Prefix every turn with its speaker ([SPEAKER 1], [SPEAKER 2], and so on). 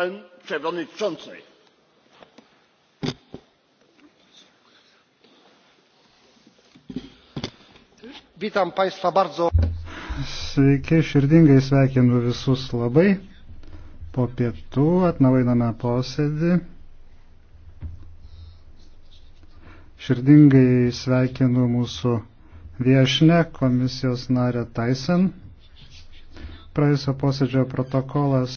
[SPEAKER 1] pan przewodniczący!
[SPEAKER 2] witam państwa bardzo.
[SPEAKER 3] sveiki širdingai sveikinu visus labai. po pietų atnaujiname posėdį. Širdingai sveikinu mūsų viešinę komisijos narę Tyson. Praėjusio posėdžio protokolas